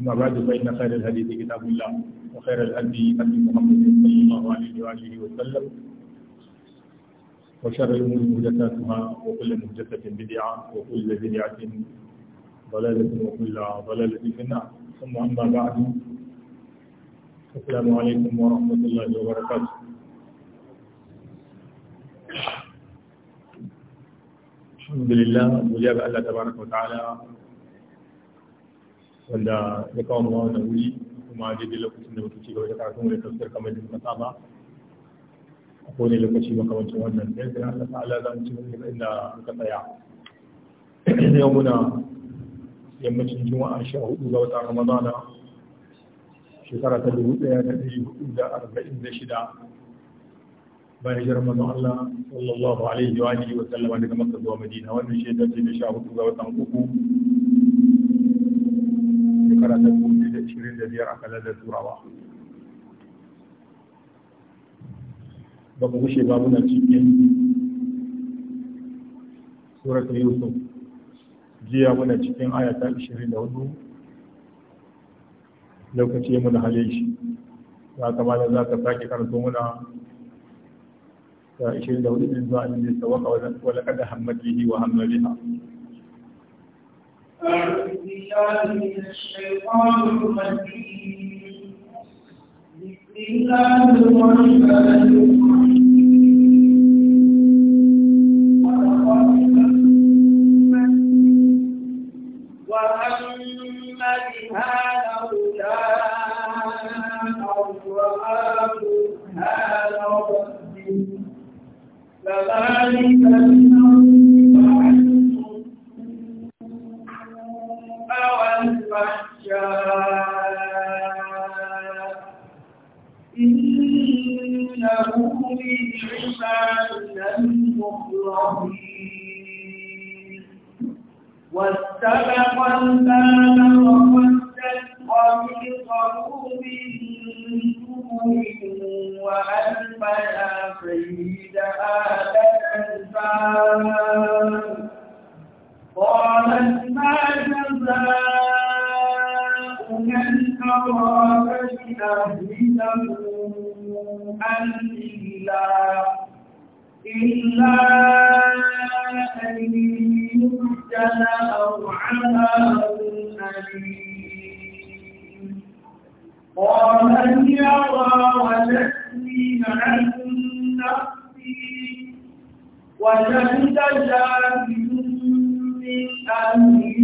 أما بعد فإن خير الحديث كتاب الله وخير الهدي هدي محمد صلى الله عليه وآله وسلم وشر الأمور محدثاتها وكل محدثة بدعة وكل بدعة ضلالة وكل ضلالة في النار ثم أما بعد السلام عليكم ورحمة الله وبركاته الحمد لله مجاب الله تبارك وتعالى wanda ya kawo mu wannan wuri kuma daidai lokacin da muke cigaba da karatun wani tafsir kamar da muka saba a kowane lokaci makamancin wannan da yanzu Allah ta'ala za mu ci gaba inda muka tsaya yau muna yammacin juma'a sha hudu ga watan ramadana shekara ta dubu ɗaya da ɗari hudu da arba'in da shida bayan hijirar manzon Allah sallallahu alaihi wa alihi wa sallama daga Makka zuwa Madina wannan shekara ce da sha hudu ga watan uku da biyar aka lalata turawa ba ku gushe ba muna cikin suratul yusuf jiya muna cikin ayata 24 lokaci ya muna hale shi za ka ma za ka sake karanto muna ta 24 din zuwa inda ya tawaka wala kada hammadihi wa hammadiha Thank you. أنزلنا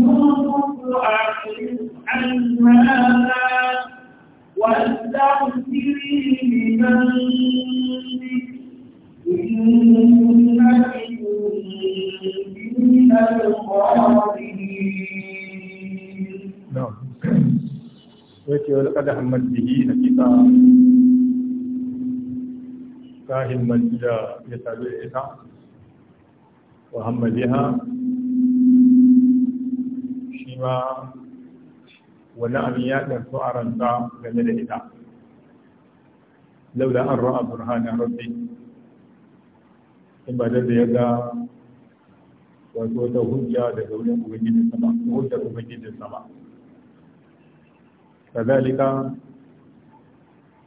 يوسف أعرف نعم. ولقد همت به حقيقة ta himmanci da ya sadu da cewa wani abin ya ɗarsu a ranta game da ita laula an ra'a burhanan rabbi in ba da ya ga wato ta hujja daga wurin ubangijin sama hujjar ubangijin sama kazalika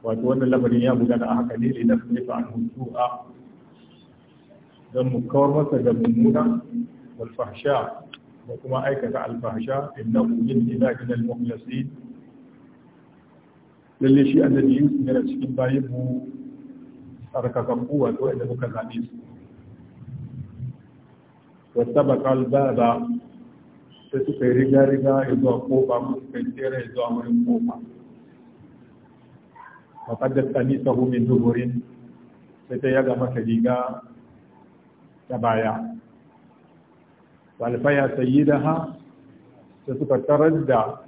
wato wannan lamarin ya gudana a haka ne da na fi an hutu'a don mu kawar masa da mummuna wal fahsha da kuma aikata alfahasha innahu min ibadina al-mukhlasin lalle shi annabi Yusuf yana cikin bayan mu sarkakan uwa to inda muka zane su bakal ba da sai suka yi riga riga ya zuwa kofa masu suka tsere ya zuwa wurin kofa faƙaddar ƙamisahu min duburin sai ta yaga masa riga ta baya sayi da ha sai suka tarar da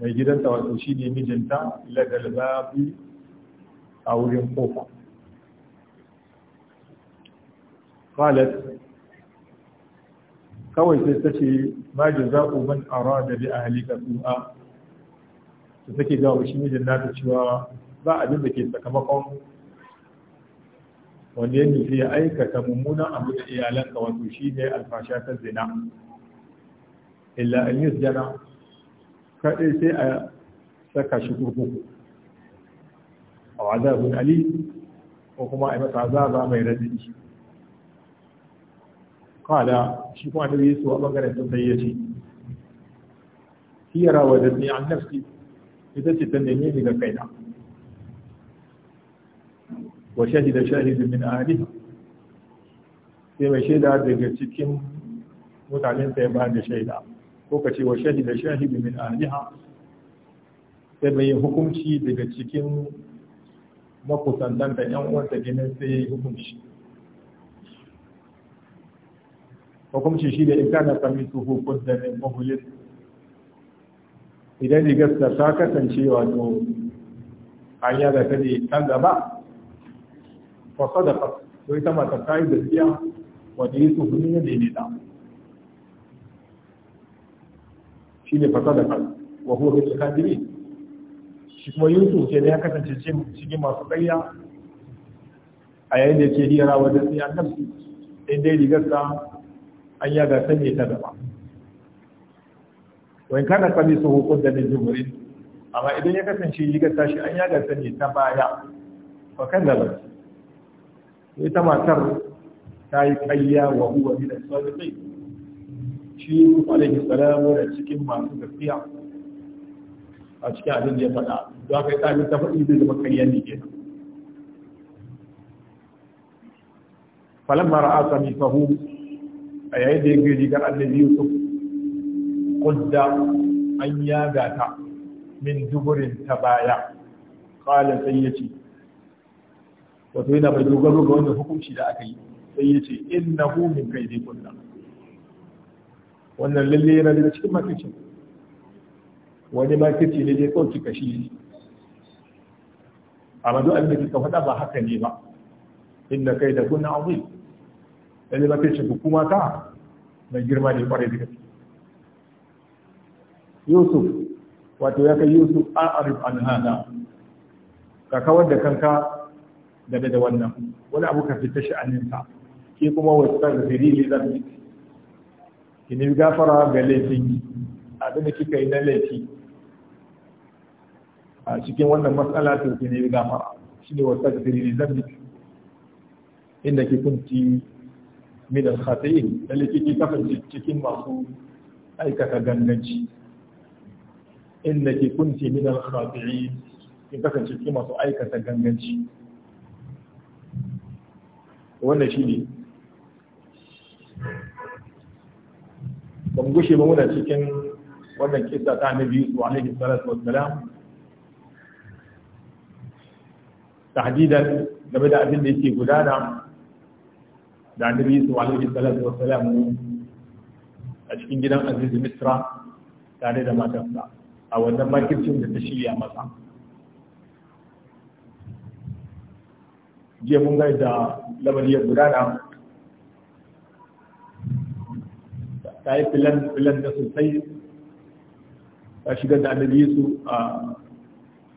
mai gidanta wato shi ne mijinta ladal babi a wurin kofa qalat kawai sai ta ce ma jaza'u man da bi halika su'a ta take ga shi mijin nata cewa ba abin da ke sakamakon wanda ya nufi ya aikata mummunan abu da iyalanka wato shi ne alfasha ta zina illa an yi jana kaɗai sai a saka shi kurkuku a azabun ali ko kuma a masa azaba mai radadi kada shi kuma da yi a bangaren sun sai yace hiyara wa da ni an nafsi ita ce ta neme ni kaina wa shahida shahidun min ahli sai mai shaida daga cikin mutanen sai ba da shaida ko ka ce wa shahida shahidun min ahliha sai mai hukunci daga cikin makusantan da yan ta ginin sai ya yi hukunci hukunci shi da in kana sami su hukun da ne mahulin idan rigarsa ta kasance wato hanya da ta ne kan gaba fa sadaqa to ita matar ta yi gaskiya wanda yi tsohon ya daidaita shi ne fasa da kan wa huwa bil kadiri shi kuma yusuf ke ne ya kasance cikin masu ƙarya a yayin da yake hira wa dasi an nafsi in dai rigarsa an ya ga sanye ta gaba wa in kana kami su hukun da min jumhurin amma idan ya kasance rigar shi an ya ga sanye ta baya fa kan da ba ita matar ta yi kayya wa huwa min da sadiqin shi alaihi salamu da cikin masu gaskiya a cikin abin da ya faɗa don haka ita ta faɗi zai zama kayya ne kenan falamma ra'a sami fahu a yayin da ya ga rigar annabi Yusuf kudda an yaga ta min duburin ta baya qala sai wato yana mai dogaro ga wannan hukunci da aka yi sai ya ce hu min kaidi kunna wannan lalle yana daga cikin makircin wani makirci ne zai kawai kashi ne amma duk abin da kika faɗa ba haka ne ba inna kai da kunna azim lalle makircin hukuma ta mai girma ne kwarai da gaske yusuf wato ya kai yusuf arif an hada ka kawar da kanka game da wannan wani abu ka fita sha'aninsa Ke kuma wasu da firi ne zan ki nemi gafara ga laifin abinda kika yi na laifi a cikin wannan matsala to ki nemi gafara shi ne wasu da firi ne zan inda ki kunti min al-khati'in lalle kike kasance cikin masu aikata ganganci inda ki kunti min al-khati'in ki kasance cikin masu aikata ganganci wannan shi ne ba mu gushe ba muna cikin wannan kisa ta annabi su alaihi salatu wassalam tahdidan game da abin da yake gudana da annabi yusuf alaihi salatu wassalam a cikin gidan azizu misra tare da matarsa a wannan makircin da ta shirya masa jiya mun ga da labari ya gudana ta yi filan filan da sosai ta shigar da annabi su a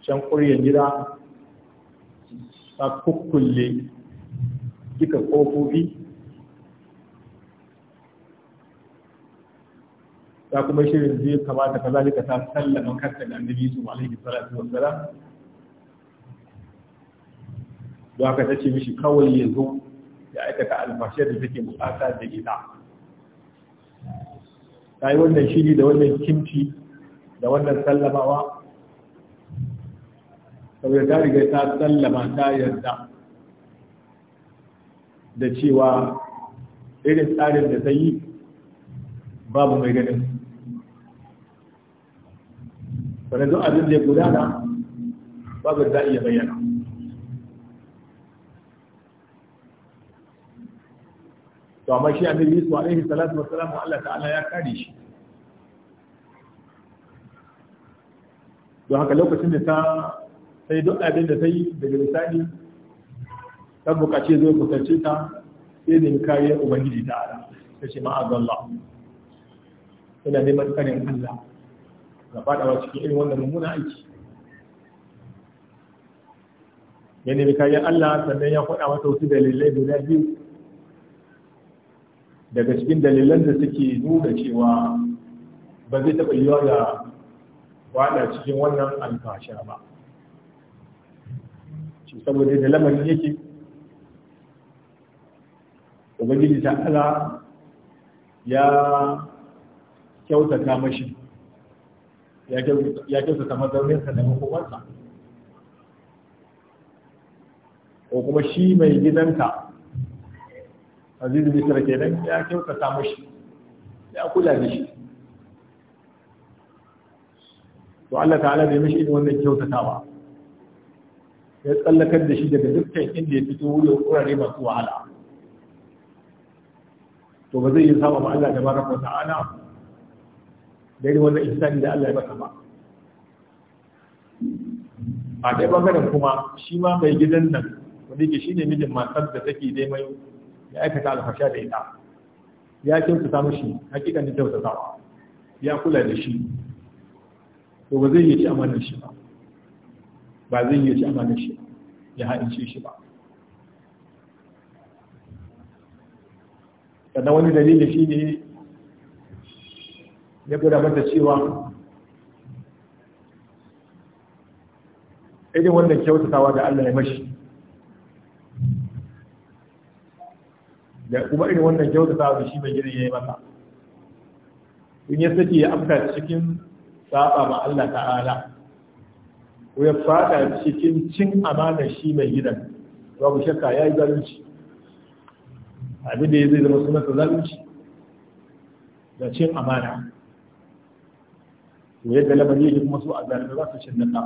can ƙuryar gida ta kukkulle duka ƙofofi ta kuma shirin zai kamata ka zalika ta sallama kanta da annabi su alaihi salatu wanzara. don haka ta ce mishi kawai yanzu ya aikata alfashe da take bukata da ita ta yi wannan shiri da wannan kimci da wannan sallamawa saboda ta riga ta sallama ta yarda da cewa irin tsarin da ta yi babu mai ganin sanadun abin da ya gudana babu da iya bayyana to amma shi annabi Yusuf alaihi salatu wassalam Allah ta'ala ya kare shi don haka lokacin da ta sai duk abin da ta yi daga misali ta bukace zai kusance ta sai da kariyar ubangiji ta ala ta ce Allah ina neman tsarin Allah ga fadawa cikin irin wannan mummuna aiki ya nemi kariyar Allah sannan ya faɗa mata wasu dalilai guda biyu daga cikin dalilan da suke nuna cewa ba zai taɓa yiwa da wada cikin wannan alfasha ba shi saboda da lamarin yake ubangiji ta'ala ya kyautata mashi ya kyautata mazauninsa da makomarsa ko kuma shi mai gidanka azizu bisra kenan ya kyautata mashi ya kula da shi to Allah ta'ala bai mishi irin wannan kyautatawa ya tsallakar da shi daga dukkan inda ya fito wuri wurare masu wahala to ba zai yi saba ba Allah tabaraka wa ta'ala da irin wannan ihsani da Allah ya baka ba a dai bangaren kuma shi ma mai gidan nan wanda yake shine mijin matar da take dai mai ya aikata alfasha da ita ya kyautata mashi hakikanin kyautata. ya kula da shi to ba zai yi ci amanar shi ba ba zai yi ci amanar shi ya haɗince shi ba sannan wani dalili shi ne ya gura mata cewa irin wannan kyautatawa da Allah ya mashi da kuma irin wannan kyautata da shi mai gina ya yi mata in ya sake ya afka cikin saba ma Allah ta'ala ko ya fada cikin cin amana shi mai gidan babu shakka ya yi zalunci abin da ya zai zama sunanta zalunci da cin amana to yadda lamari yake kuma su a zalimai ba su cin na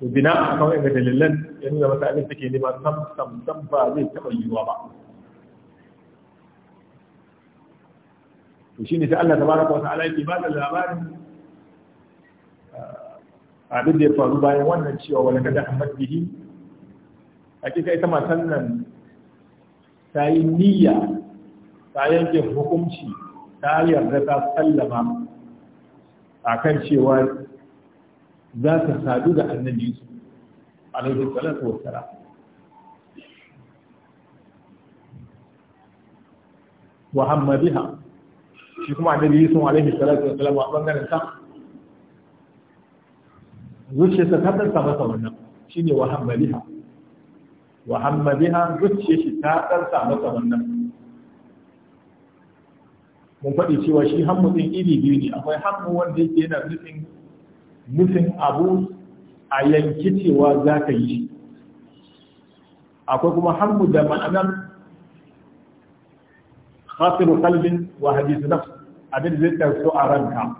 to bina a kawai ga dalilan ya nuna masa abin take nema sam sam sam ba zai taɓa yiwuwa ba to shi ne ta Allah ta wa ta'ala yake ba da labarin ah, abin da ya faru bayan wannan cewa wani kada Ahmad a hakika ita matan nan ta yi niyya ta yanke hukunci ta yarda ta sallama a kan cewa za ta sadu da annabi su alaihi salatu wassalam wa hamma biha shi kuma yi sun, alaihi salatu wassalam a bangaren sa zuciyarsa ta tsarsa masa sabon shine shi ne biha wa hamma zuciyar shi ta tsarsa sabon wannan mun faɗi cewa shi hammu din iri biyu ne akwai hammu wanda yake yana nufin nufin abu a yanki cewa za ka yi akwai kuma hannu da ma'anar khasiru kalbin wa hadisu nafs abin da zai tarso a ranka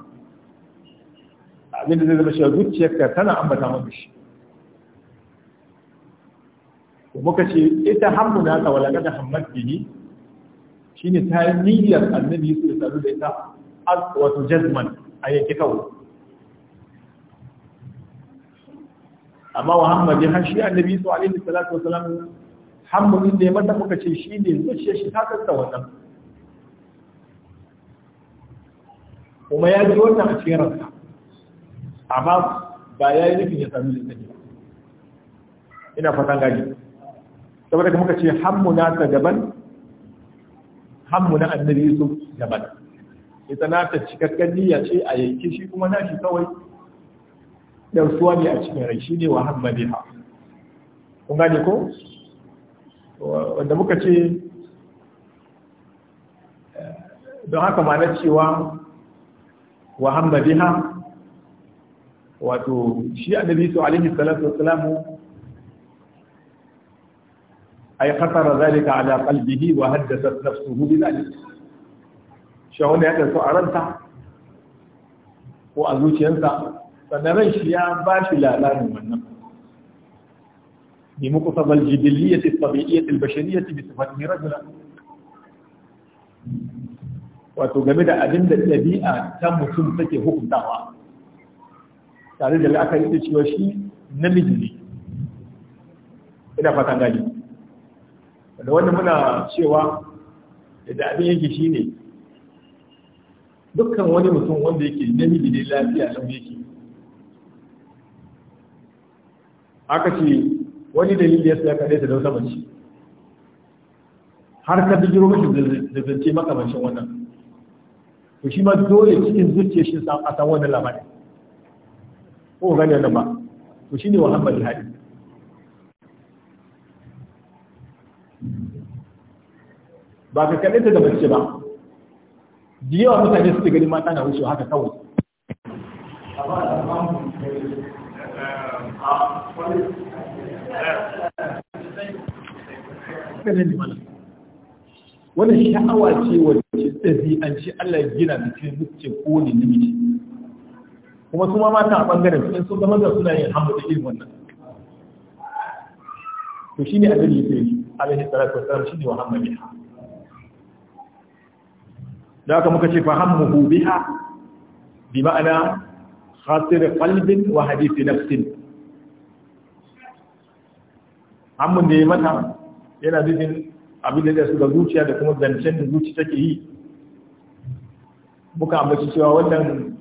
abin da zai zama shi zuciyarka tana ambata maka shi muka ce ita hannu na da wala da hammad Shi shine ta yi niyyar annabi yusuf da da ita wato jazman a yanki kawai amma wa hammadin har shi annabi su alaihi salatu wasallam hammadin da ya mata muka ce shi ne zuciya shi ta kasta wannan kuma ya ji wannan a cikin ranka amma ba ya yi nufin ya sami lissafi ba ina fatan gaji saboda kuma muka ce na ta daban na annabi yusuf daban ita na ta cikakken niyya ce a yanki shi kuma na shi kawai ɗarsuwa ne a cikin rai shine wa hamma ha kun gane ko wanda muka ce don haka ma na cewa wa hamma ha wato shi annabi su alihi salatu wassalamu ay khatara zalika ala qalbihi wa haddathat nafsuhu bil ajr shi wanda ya tsaro a ranta ko a zuciyarsa sannan ran shi ya ba shi labarin wannan bi muku sabal jibiliyyati tabi'iyyati albashariyyati bi sifatihi rajula wato game da abin da ɗabi'a ta mutum take hukuntawa tare da aka yi cewa shi namiji ne ina fatan gani da wannan muna cewa da abin yake shi ne dukkan wani mutum wanda yake namiji ne lafiya lau yake aka ce wani dalili ya sa kaɗe ta dausa mace har ka jiro mashi da zance makamancin wannan to shi ma dole cikin zuciya shi a san wannan labari ko gane wannan ba to shine muhammad hadi ba ka kaɗe ta da mace ba da yawa mutane suke gani mata na wucewa haka kawai wannan sha'awa ce wacce an ce Allah ya gina da cikin zuciya ko ne namiji kuma su ma mata a ɓangaren su sun zama da suna yin hamu da irin wannan to shi ne abin yake yi alaihi salatu wasalam shi ne wa hamma biha da aka muka ce fa hammuhu biha bi ma'ana khasir qalbin wa hadithi nafsin amun da ya mata yana dukkan abin da su ga zuciya da kuma zancen da zuci take yi muka ambaci cewa wannan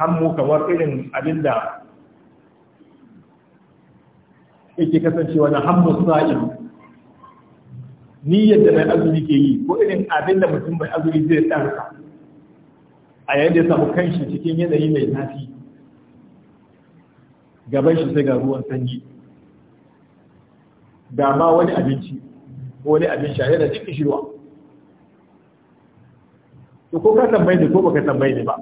hannu kamar irin abin da yake kasancewa na hannu sa'in niyyar da mai azumi ke yi ko irin abin da mutum mai azumi zai tsarka a yayin da ya samu kanshi cikin yanayi mai zafi gaban shi sai ga ruwan sanyi da ma wani abinci ko wani abin sha yana cikin shirwa to ko ka tambaye ne ko baka tambaye ne ba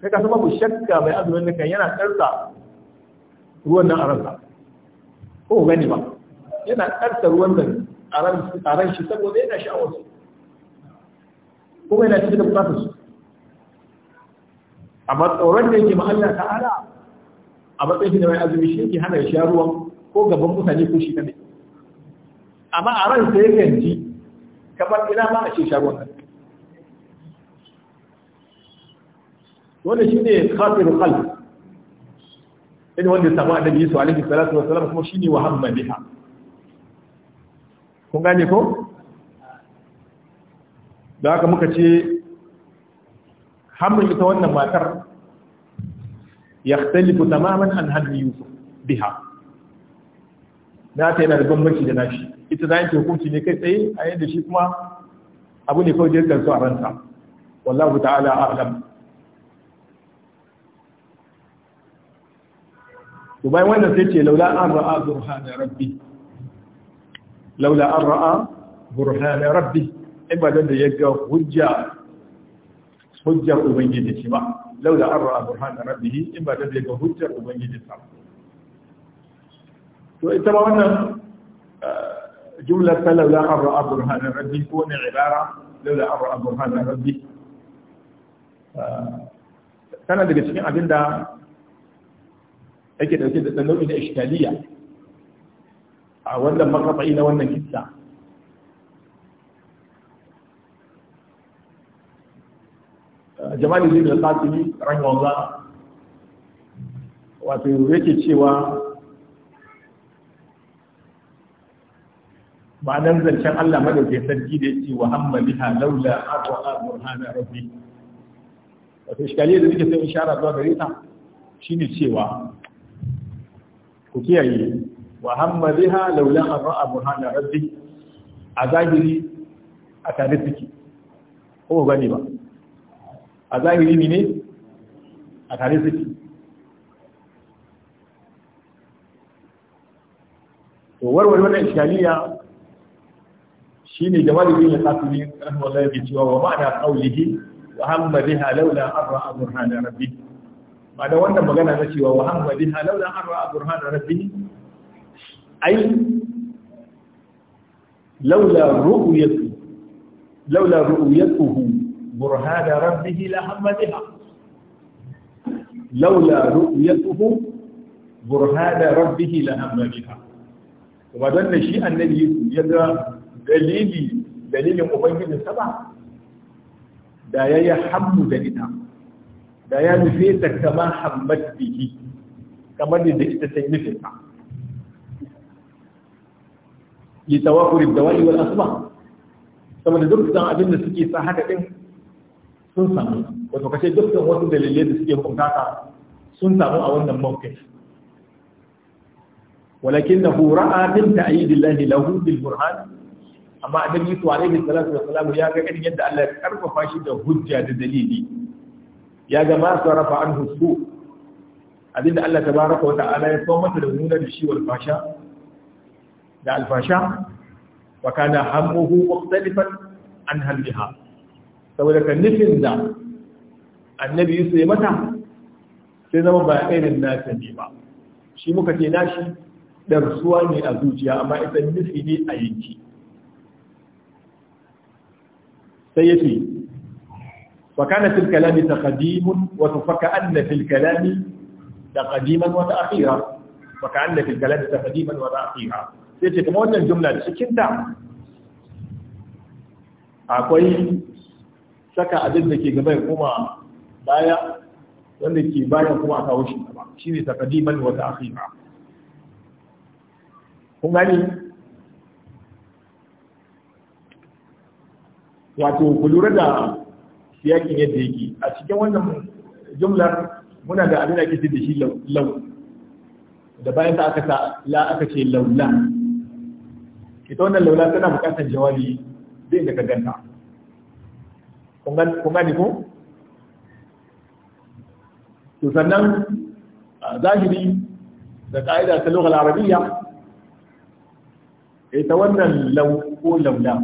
kai ka saba ku shakka mai azumin nan kan yana karsa ruwan nan a ransa ko gani ba yana karsa ruwan nan a ran shi saboda yana sha'awar su kuma yana cikin bukatar su amma tsoron da yake ma Allah ta'ala a matsayin da mai azumi shi yake hana ya sha ruwan ko gaban mutane ko shi kanai amma a ran sai yakan ji kamar ina ma a ce shagon nan wanda shi ne khasirul qalb in wanda ya samu annabi Yesu alaihi salatu wa salam kuma shine wa hamma biha kun gane ko da haka muka ce hammin ita wannan matar yaxtalifu tamaman an hammi Yusuf biha na ta yana da gwamnati da nashi ita zai ce hukunci ne kai tsaye a yadda shi kuma abu ne kawai jirgin su a ranta, wallahu ta'ala a'lam to bayan wannan sai ce laula an ra'a burhana rabbi laula an ra'a burhana rabbi in ba da ya ga hujja hujjar ubangiji shi ba laula an ra'a burhana rabbi in ba da ya ga hujjar ubangiji sa to ita ma wannan jumlar ta laula an ra'a ko ne ibara laula an ra'a burhanan rabbi tana daga cikin abin da yake dauke da nau'i na iskaliya a wannan makafa'i na wannan kissa jamali zai da tsatsi rahimahullah wato yake cewa ma'anar zancen Allah madauke sarki da yake wa hamma biha laula aqwa burhana rabbi wato shikali da yake sai ishara zuwa gare ta shine cewa ku kiyaye wa hamma biha laula aqwa burhana rabbi a zahiri a tare suke ko ba ne ba a zahiri ne a tare suke to warware wannan ishaliya shine jamal ibn al-qasimi rahimahullahi yake cewa wa ma'ana qawlihi wa hamma biha laula arra burhan rabbih ma'ana wannan magana na cewa wa hamma biha laula arra burhan rabbih ai laula ru'yatu laula ru'yatuhu burhan rabbih la hamma biha laula ru'yatuhu burhan rabbih la hamma biha kuma dan shi annabi ya ga dalili dalilin ubangijin ba da ya yi hammu da ita da ya nufe ta kama hammat bihi kamar da ita ta yi nufin ta yi tawakurin da wani wani asuma saboda dukkan abin da suke sa haka din sun samu wato kashe dukkan wasu dalilai da suke hukunta sun samu a wannan mawkin walakin na hura a min ta'ayyidin lahi lahu bil amma annabi Yusuf alaihi salatu wassalam ya ga irin yadda Allah ya karfafa shi da hujja da dalili ya ga ma sarrafa anhu su abinda Allah tabaraka wa ta'ala ya kawo da nuna da shi wal fasha da al fasha wa kana hamuhu mukhtalifan an halbiha saboda kan nufin da annabi Yusuf ya mata sai zama ba irin nasa ne ba shi muka ce nashi darsuwa ne a zuciya amma ita nufi ne a yanki sai yace wa kana fil kalami taqdimun wa tufakka anna fil kalami taqdiman wa ta'khira wa kana fil kalami taqdiman wa ta'khira sai ce kuma wannan jumla cikin ta akwai saka abin da ke gaba ya koma baya wanda ke baya kuma a kawo shi gaba shine taqdiman wa ta'khira kun gani wato ku lura da siyakin yadda yake a cikin wannan jumlar muna da abin da ake da shi lau da bayan ta aka sa la aka ce laula ita wannan laula tana bukatar jawabi zai da ka ganta kun gani ko to sannan zahiri da ka'ida ta lughal arabiyya ita wannan lau ko laula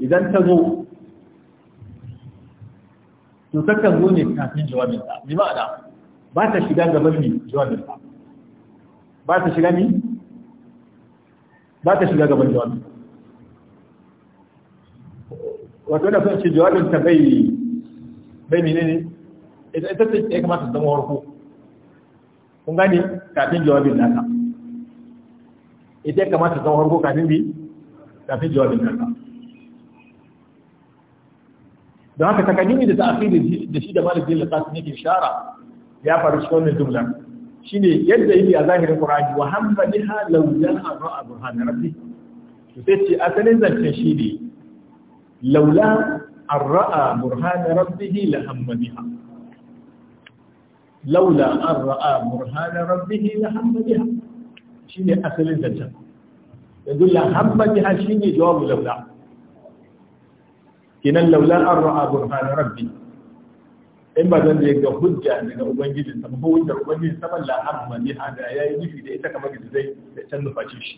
idan ta zo to takan zo ne kafin jawabinsa bi ma'ana ba ta shiga gaban ne jawabinsa ba ta shiga ni ba ta shiga gaban jawabin wato da sun ce jawabin ta bai bai menene ita ce ya kamata zama warko kun gane kafin jawabin naka ita ya kamata zama warko kafin bi kafin jawabin naka da haka takadimi da ta'khiri da shi da malik bin qasim ke shara ya faru shi wannan jumla shine yadda yake a zahirin qur'ani wa hamma biha law ja'a ra'a burhan rabbi to sai ce asalin zance shi ne laula an ra'a burhan rabbihi la hamma biha laula an ra'a burhan rabbihi la hamma biha shine asalin zance yanzu la hamma biha shine jawabu law laula kinan laulan an ra'a burhan rabbi in ba zan da ga hujja daga ubangijin ta ba hujja ubangijin ta balla amma ni hada yayi nufi da ita kamar da zai da can shi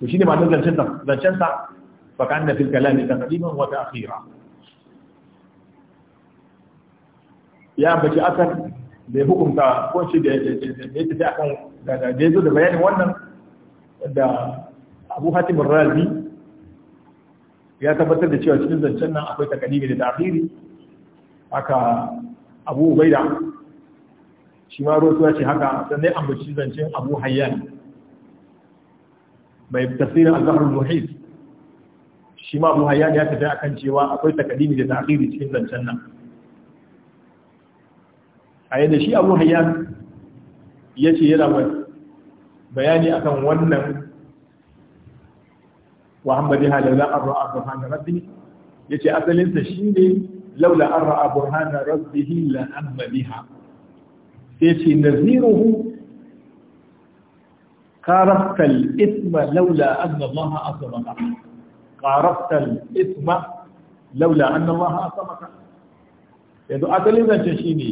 to shine ma zancen sa can sa fa da fil kalami taqdiman wa akhira ya baki akan da ya hukunta ko shi da ya tafi akan da da zo da bayanin wannan da abu hatim razi ya tabbatar da cewa cikin zancen nan akwai takalimi da ta'khiri haka Abu Ubaida shi ma rotuwa ce haka sannan ambaci zancen Abu Hayyan mai tafsirin al-Zahr muhit shi ma Abu Hayyan ya tafi akan cewa akwai takalimi da ta'khiri cikin zancen nan a yadda shi Abu Hayyan yace yana bayani akan wannan wa amma biha laula an ra'a burhana rabbih yace asalin sa shine laula an ra'a burhana rabbih la amma biha yace naziruhu قارفت الإثم لولا أن الله أصمك قارفت الإثم لولا أن الله أصمك yanzu asalin zancen shi ne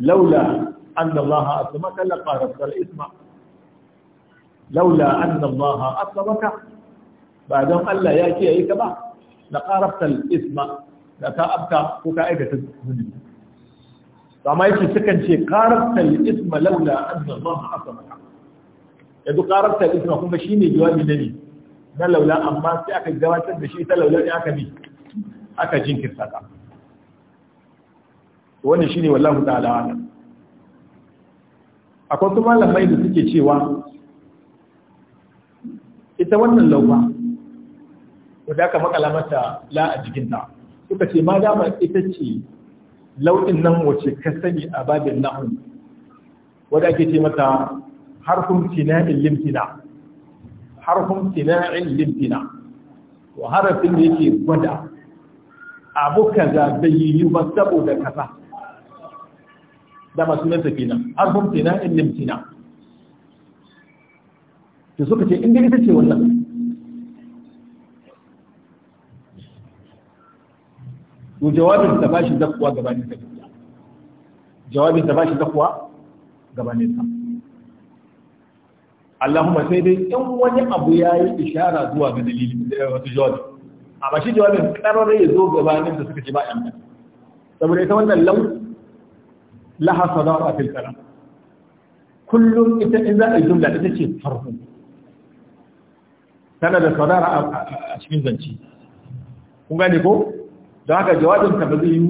laula an da Allah a su makalla ƙarasar isma laula anna allaha asabaka ba don Allah ya kiyaye ka ba Da qarafta al isma da ka abta ko ka aikata zunubi amma yake sukan ce qarafta al isma laula anna allaha asabaka yanzu qarafta al isma kuma shine jawabi na ne na laula amma sai aka gabatar da shi ta laula ne aka bi aka jinkirta ka wannan shine wallahu ta'ala akwai kuma malamai da suke cewa ita wannan lauba wadda aka makala mata la a jikinta suka ce ma dama ita ce lauɗin nan wace ka sani a babin nahu wadda ake ce mata harfin tina'in limtina harfin tina'in limtina wa harafin da yake gwada abu kaza bai yi ba saboda kaza da masu nan tafi nan harfin tina'in limtina sai suka ce inda ita ce wannan to jawabin ta bashi zakwa gabanin ta jawabin ta bashi zakwa gabanin ta Allahumma sai dai in wani abu ya yi ishara zuwa ga dalili da wata jawabi amma shi jawabin kararai ya zo gabanin da suka ce ba yan saboda ita wannan lau laha sadara fil kalam kullum ita in za a yi jumla ita ce farko tana da sadara a cikin zance kun gane ko don haka jawabin ta ba zai yi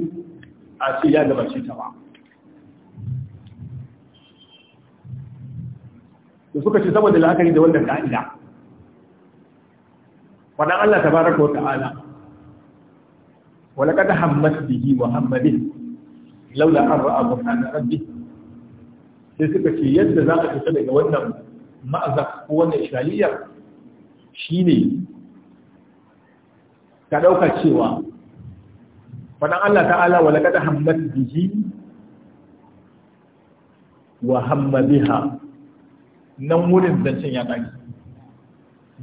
a ce ya gabace ta ba da suka ce saboda la'akari da wannan ka'ida faɗan Allah ta baraka wa ta'ala wala kada da yi wa hamadin laula an ra'a na rabbi sai suka ce yadda za a fita daga wannan ma'azaf ko wannan ishaliyar shine ka ɗauka cewa faɗan Allah ta'ala wa laƙaɗa hammat bihi wa hamma biha nan wurin zancen ya ƙari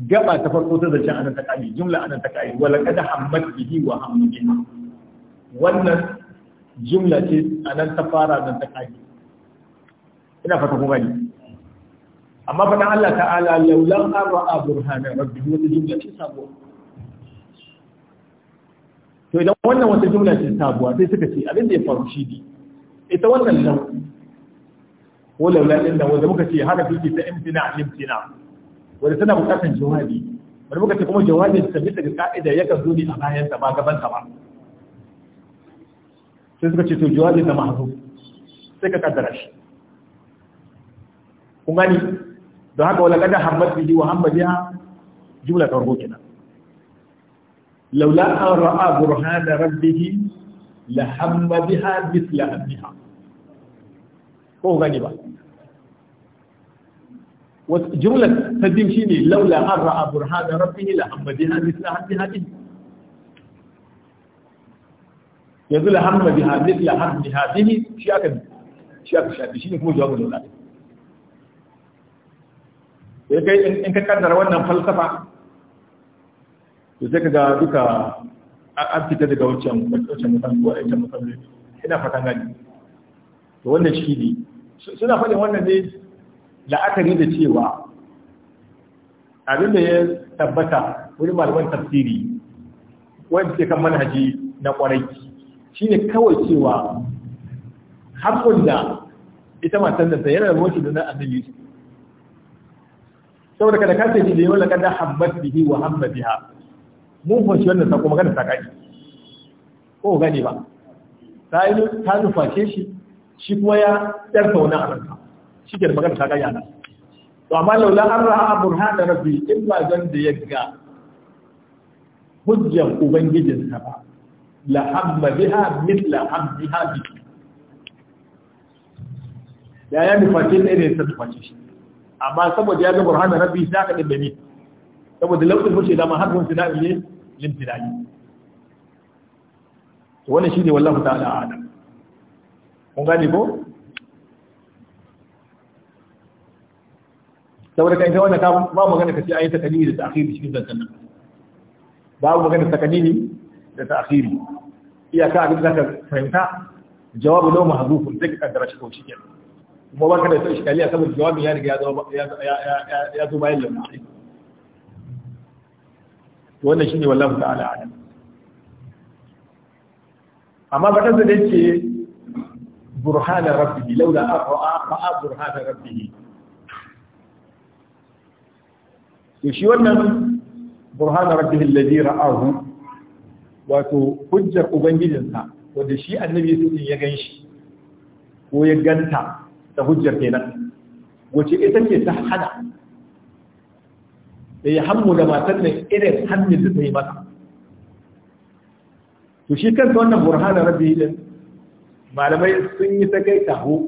gaba ta farko ta zancen anan ta kai jumla anan ta kai wa laƙaɗa hammat bihi wa hamma biha wannan jumla ce anan ta fara nan ta kai ina fata kuma gani amma faɗin Allah ta'ala laulan an ra'a burhanan rabbi wata jumla ce sabuwa to idan wannan wata jumla ce sabuwa sai suka ce abin da ya faru shi ne ita wannan nan. ko laulan din nan wanda muka ce haka fice ta imtina limtina wanda tana bukatar jawabi wanda muka ce kuma jawabin ta bisa ga ka'ida yakan zo ne a bayan ta ba gaban ta ba sai suka ce to jawabin ta mahzuf sai ka kaddara shi kun gani don haka wala kada habbat bihi wa hamba biha jumla ta farko kenan laula an ra'a burhana rabbih la hamma biha mithla hammiha ko gani ba jumla جملة تديم شيني لولا أن burhana برهان la لهم biha mithla هم هذه la هم biha mithla هم shi aka shi aka shi ne kuma شيء أكد sai kai in ka kaddara wannan falsafa to sai ka ga duka an fita daga wancan wancan mutan ko wancan mutan ina fatan gani to wannan shi ne suna faɗin wannan ne la'akari da cewa abin da ya tabbata wani malaman tafsiri wanda ke kan manhaji na kwarai shine kawai cewa hakkun da ita matan da yana da ruwan da na annabi Yusuf saboda kada kace ce bi da wala kada habbat bihi wa hamma biha mun fashi wannan sako magana ta kai ko gani ba ta yi ta ce shi shi kuma ya yarfa wannan aranta shi ke magana ta kai yana to amma laula an ra'a burhana rabbi in ba zan da yagga hujjan ubangijinsa ba la hamma biha mithla hamdiha bi ya ya nufa ce ne ta nufashe shi amma saboda ya ga burhana rabbi sai aka ne saboda lafzul mace da ma harfin tida'i ne limtida'i to wannan shine wallahu ta'ala a'lam kun gane ko saboda kai ga wannan ka ba ka kace ayi takalimi da ta'khiri cikin zancan nan babu magana takalimi da ta'khiri ka abin da ka fahimta jawabu law mahdhufun take kaddara shi ko shi kenan kuma ba ka da su iskaliya saboda jawabin ya riga ya zo bayan lamari wannan shi ne wallahu ta'ala alam amma ba ta da ce burhanar lauda a ra'a burhanar rabbihi to shi wannan burhanar rabbihi alladhi ra'ahu wato hujjar ubangijinsa wadda shi annabi sun ya ganshi ko ya ganta da hujjar kenan wace ita ce ta hana da ya hammu da matan nan irin hannun da ta yi mata to shi kanta wannan burhanar rabbi din malamai sun yi ta kai taho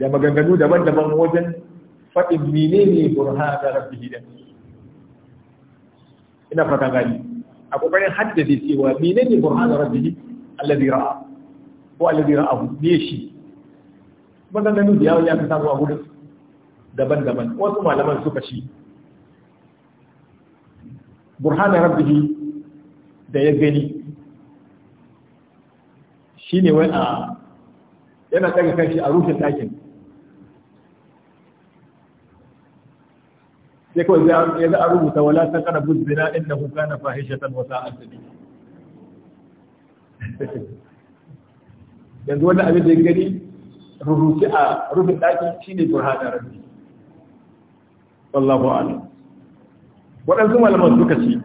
da maganganu daban-daban wajen faɗin menene burhanar rabbi din ina fata gani a kokarin haddade cewa menene burhanar rabbi alladhi ra'a ko alladhi ra'ahu ne shi Kuma da yawon ya fi samu a wurin daban-daban wasu malaman suka shi? burhana rabbihi da ya gani shi ne wai a yana tsaga kanshi a rufin ɗakin sai kawai ya za a rubuta wala ta kana buzbina inda kuka na ta wasa a yanzu wani abin da ya gani rubuci a rufin ɗakin shi ne burhana rabbi wallahu alam waɗansu malaman suka ce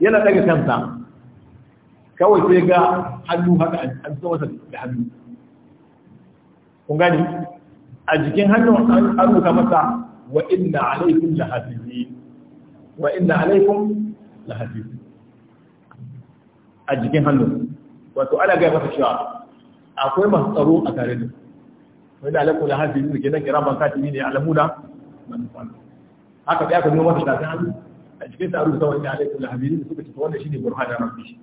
yana ɗaga kansa kawai sai ga hannu haka an wasa da hannu kun gani a jikin hannu an rubuta masa wa inna alaikum lahafizin wa inna alaikum lahafizin a jikin hannu. wato ana gaya masa cewa akwai masu tsaro a tare da wani da alaƙo da hajji ne ke nan kira ban kati ne alamuna manufan haka ɗaya ka noma da tafi hannu a cikin sa rubuta wani alaƙo da hajji ne suka ce wanda shi ne burhana rabbi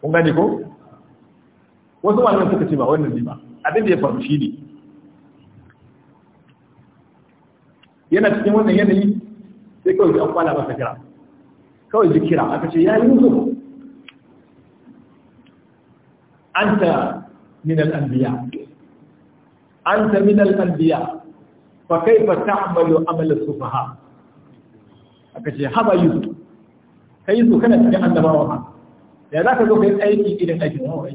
kun gani ko wasu malamai suka ce ba wannan ne ba abin da ya faru shi ne yana cikin wannan yanayi sai kawai an kwana masa kira kawai ji kira aka ce ya yi musu anta min al-anbiya anta min al-anbiya fa kaifa ta'malu amal as-sufaha aka ce haba yu kai su kana cikin annabawa ha ya za ka zo kai aiki idan aiki na wai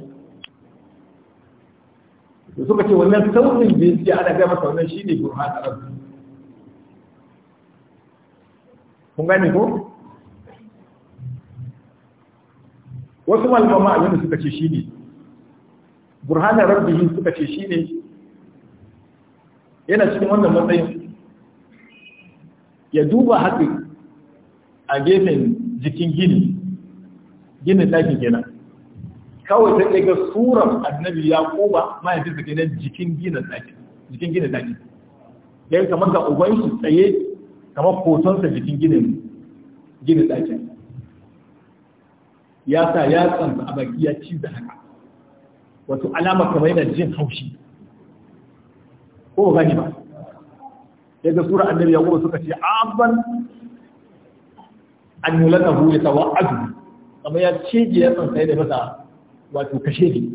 to suka ce wannan saurin da yake ana ga masa wannan shine burhan arab kun gane ko wasu malama abin da suka ce shi ne. burhanar rabbihin suka ce shi ne yana cikin wannan matsayin ya duba haka a gefen jikin gini ginin ɗakin gina. kawai ta ga tsoron annabi ya koba mahaifinsa kenan jikin ginin ɗakin jikin ginin ɗakin ya kamar da uban su tsaye kamar hotonsa jikin ginin ginin ɗakin ya sa ya tsanta a baki ya ci da haka wato alama kamar yana jin haushi ko gani ba sai ga sura annabi ya suka ce abban an yulaka hu ya tawa'adu kamar ya cije ya tsantsai da masa wato kashe ne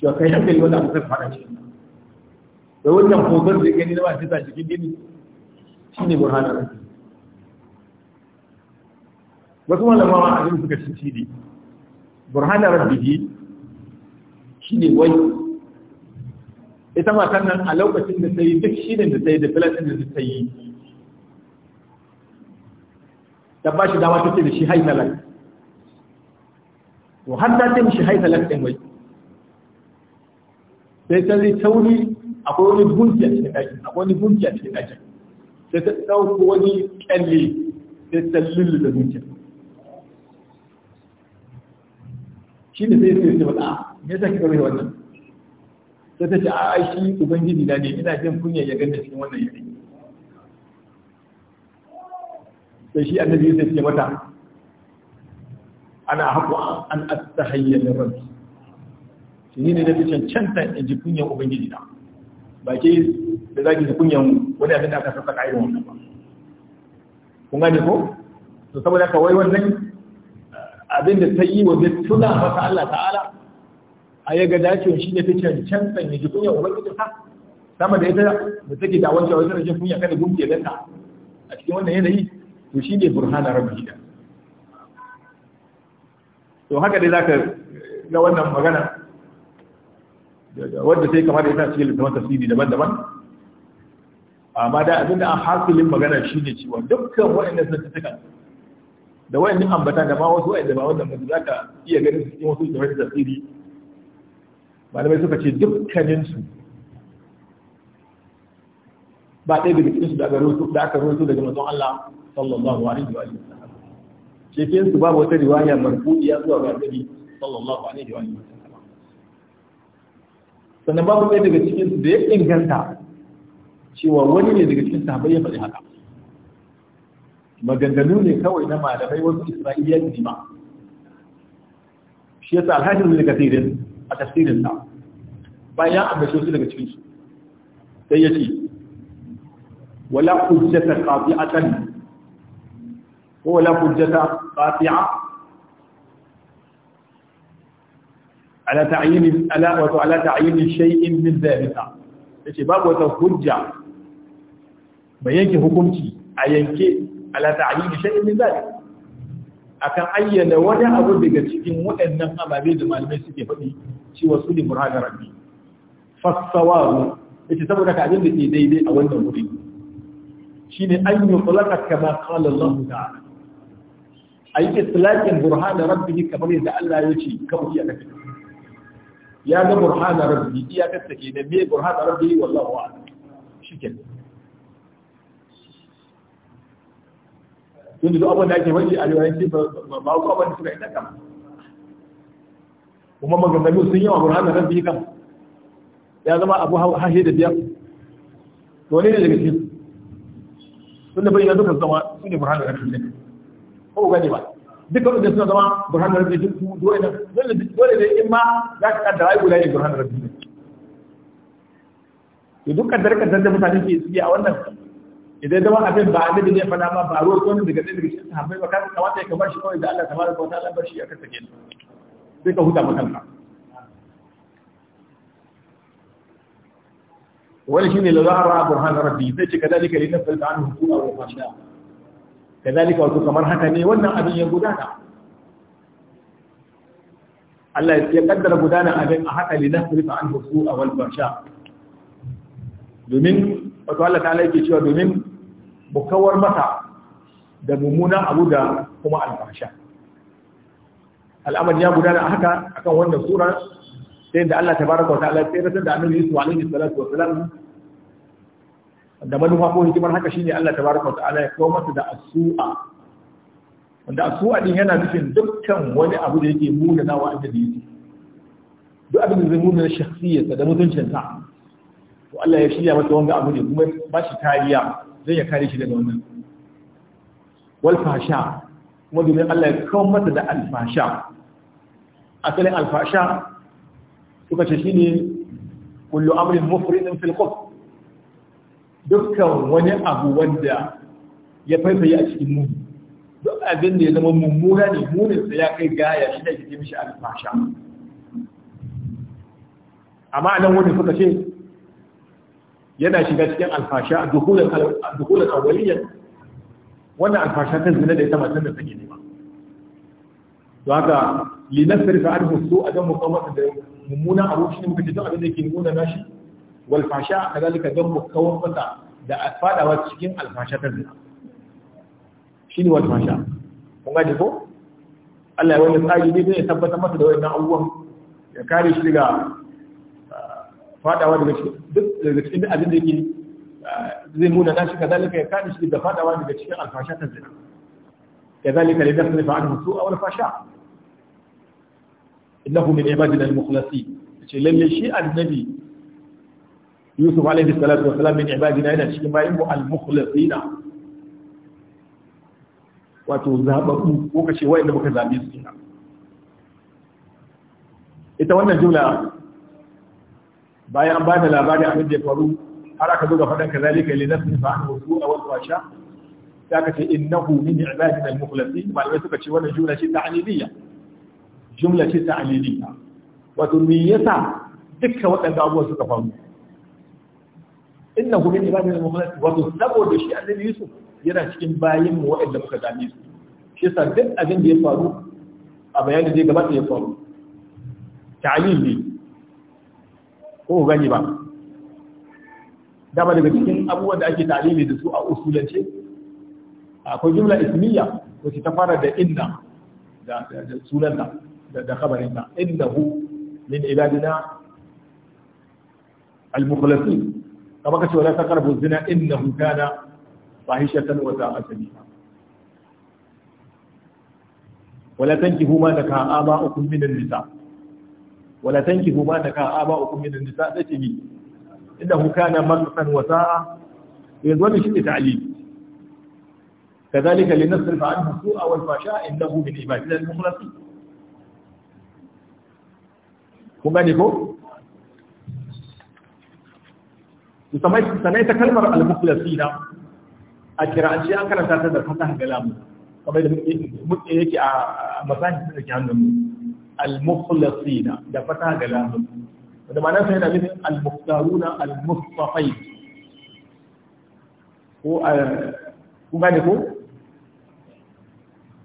cewa kai hankali wanda aka fara ce da wannan hoton da gani na ba shi ta cikin shi ne burhanar rasul wasu malamawa a abin suka ci cidi burhanar rabbihi ne wai ita matan nan a lokacin da ta yi duk shirin da ta yi da filatin da ta yi ta ba shi dama take da shi haizalak to har ta ce mishi haizalak ɗin wai sai ta zai tauri akwai wani gunki a cikin ɗakin akwai wani bunki a cikin ɗakin sai ta ɗauko wani ƙyalle sai ta lullu da gunkin shi ne sai sai sai wada me yasa kika bai wannan sai ta ce a ah, ai shi ubangiji da ne ina jin kunya ya ganda cikin wannan yare sai shi annabi sai ce mata ana haku an astahayya min rabbi shi ne da cikin canta in ji kunya ubangiji da ba ke da zaki ji kunyan wani abin da aka saka irin wannan ba kun gane ko to saboda ka wai wannan da ta yi wa tuna masa Allah ta'ala a ya ga dace shi ne ta cancanta ya ji kunya ubangiji ta sama da ita da take da wancan wata rashin kunya kada gumke da ta a cikin wannan yanayi to shi ne burhana rabbi da to haka dai zaka ga wannan magana wadda sai kamar da ita cikin littafin tafsiri daban-daban amma da abin da a hasilin magana shine cewa dukkan waɗannan sun tuka da wayan din ambata da ma wasu wayan da ba wannan ba za ka iya ganin su cikin wasu da wani tafsiri malamai suka ce dukkanin su ba ɗaya daga cikin su da aka rusu daga manzon Allah sallallahu alaihi wa sallam cikin su babu wata riwaya marfu'iya zuwa ga annabi sallallahu alaihi wa sallam sannan babu ɗaya daga cikin su da ya inganta cewa wani ne daga cikin sahabbai ya faɗi haka maganganu ne kawai na malamai wasu isra'iliya ne ba shi yasa alhajin ne kasirin a tafsirin sa bayan an ambace su daga cikin su sai ya ce wala hujjata qati'atan ko wala hujjata qati'a ala ta'yin ala wa ala ta'yin shay'in min dhalika yace babu wata hujja bayanki hukunci a yanke ala ta'yid shay'in min zalik akan ayyana wani abu daga cikin waɗannan ababe da malamai suke faɗi cewa su ne murada rabbi fasawaru ita saboda ka abin da ke daidai a wannan wuri shine an yi tsalaka kama kala qala Allah ta'ala ayi itlaqin burhana rabbi kamar yadda Allah ya ce kawai ya kake ya ga burhana rabbi iya kake da me burhana rabbi wallahu a'lam shikenan tun da duk abin da ake faɗi a riwayanci ba ku abin da suka yi kama kuma maganganu sun yawa burhanar ran biyu kan ya zama abu hashe da biyar to ne daga cikin sun da bayyana duka zama su ne burhanar ran biyu ko ne ba duka wanda suna zama da burhanar ran biyu dole ne dole ne in ma za ka kaddara ai guda da burhanar ran biyu to dukkan kaddara kaddara da mutane ke suke a wannan idan da wani abin ba annabi ne fada ma ba ruwa wani daga daga cikin sahabbai ba kaga kamata ya kamar shi kawai da Allah tabaraka wa ta bar shi ya kasake ni sai ka huta makanka wani shi ne shine la zara burhan rabbi zai ce kadalika lin nafsi ta'an hukuma wa fasha kadalika wato kamar haka ne wannan abin ya gudana Allah ya kaddara gudana abin a haka lin nafsi ta'an hukuma wal fasha domin wato Allah ta yake cewa domin mu kawar mata da mummunan abu da kuma alfasha al'amari ya gudana haka akan wannan sura sai da Allah tabaraka wa ta'ala tsere da annabi Yusuf alaihi salatu wa salam da manufa ko hikimar haka shine Allah tabaraka wa ta'ala ya kawo masa da asu'a wanda asu'a din yana nufin dukkan wani abu da yake munana wa annabi Yusuf duk abin da zai munana shakhsiyarsa da mutuncinta, to Allah ya shirya masa wanda abu ne kuma ba shi kariya zai ya kare shi daga wannan Walfasha kuma domin Allah ya kawo mata da alfasha asalin alfasha suka ce shine kullu amrin mufridin fil dukkan wani abu wanda ya faifaye a cikin mu duk abin da ya zama mummuna ne munin sa ya kai gaya shi ne ke mishi alfasha amma nan wani suka ce yana shiga cikin alfasha a dukulan awaliyyar wannan alfasha kan zina da ita matan da take nema to haka linasir fa arhu su a dan muqawmata da mummuna abu shi ne muka duk abin da yake nuna nashi wal fasha kadalika dan muqawmata da fadawa cikin alfasha kan zina shine wal fasha kun gaji ko Allah ya wani tsari ne zai tabbatar masa da wannan abubuwan ya kare shi daga fadawa daga cikin duk daga cikin abin da yake ah, zai na shi kazalika ya shi da fadawa daga cikin alfasha ta zina kazalika la anhu su'a wal fasha innahu min ibadina al mukhlasin ce lalle shi annabi Yusuf salatu min ibadina yana cikin bayin mu al wato zababu ko kace wayanda muka zabe su ita wannan jumla bayan an ba da labarin abin da ya faru har aka zo ga faɗan ka zalika li nafsi fa an wasu a wasu asha Ya aka ce innahu min ibadina al-mukhlasin malamai suka ce wannan jumla ce ta'liliya jumla ce ta'liliya wato me yasa dukkan waɗanda abubuwa suka faru innahu min ibadina al-mukhlasin wato saboda shi annabi Yusuf yana cikin bayin mu waɗanda muka zabe su shi yasa duk abin da ya faru a bayanin da ya gabata ya faru ta'lil ne ko gani ba dama daga cikin abubuwan da ake talibi da su a usulance akwai jumla ismiya wacce ta fara da inna da sunanta da khabarinta innahu min ibadina al-mukhlasin kama kace wala taqrabu zina innahu kana fahishatan wa sa'a sabila wala tankihu ma nakaha aba'ukum min an-nisa' wala tankihu ma ta ka aba ukum min nisa da ce bi inda hu kana maqtan wa sa'a yanzu eh, wannan shi ne ta'lil kadhalika linasrif anhu su'a wal fasha innahu min ibadina al mukhlasin kun gane ko sanai ta kalmar al-mukhlasina a kiranci an karanta ta da fasaha ga lamu kamar da muke yake a masahin da ke hannun mu al-mukhlasina da fata ga lamun da ma'ana sai da nufin al al-mustafai ko ko